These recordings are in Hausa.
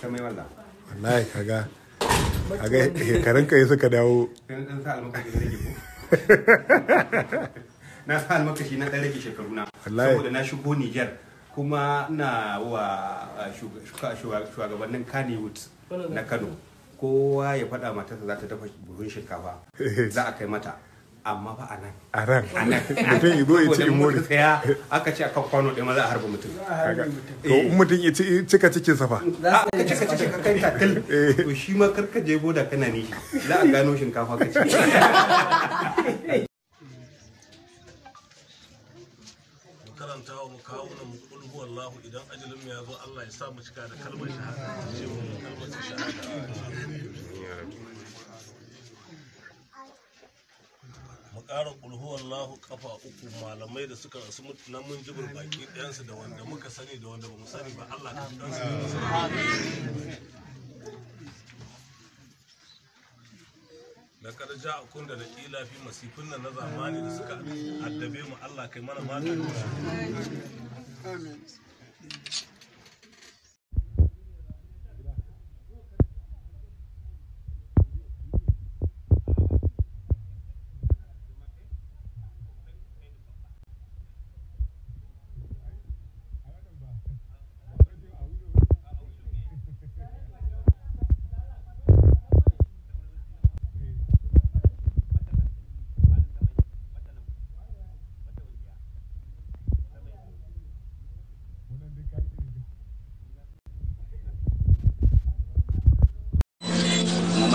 ta mai wallah wallahi kaga kaga shekarun dawo sa almakashi na rage ko na sa almakashi na dan rage shekaru na saboda na shigo Niger kuma na wa shugabannin Kannywood na Kano kowa ya faɗa matarsa za ta dafa buhun shinkafa za a kai mata amma ba a nan a nan mutum ya zo ya ci imori aka ce akan kwano a harba mutum to in mutum ya cika cikin ka eh. to shi ma karka da kana ne za a gano shinkafa ka ci karanta mu kulhu idan ajalin mu ya zo Allah ya sa mu cika da kalmar shahada ce mu kalmar ƙara ƙulhuwallahu kafa uku malamai da suka rasu na mun jibir baki ɗayansu da wanda muka sani da wanda bamu sani ba Allah ka ɗansu da musu ja a kunda da ƙila fi masifin nan na zamani da suka addabe mu Allah kai mana magani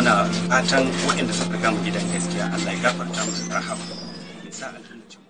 muna fatan waɗanda suka gama gidan gaskiya Allah ya gafarta musu rahama.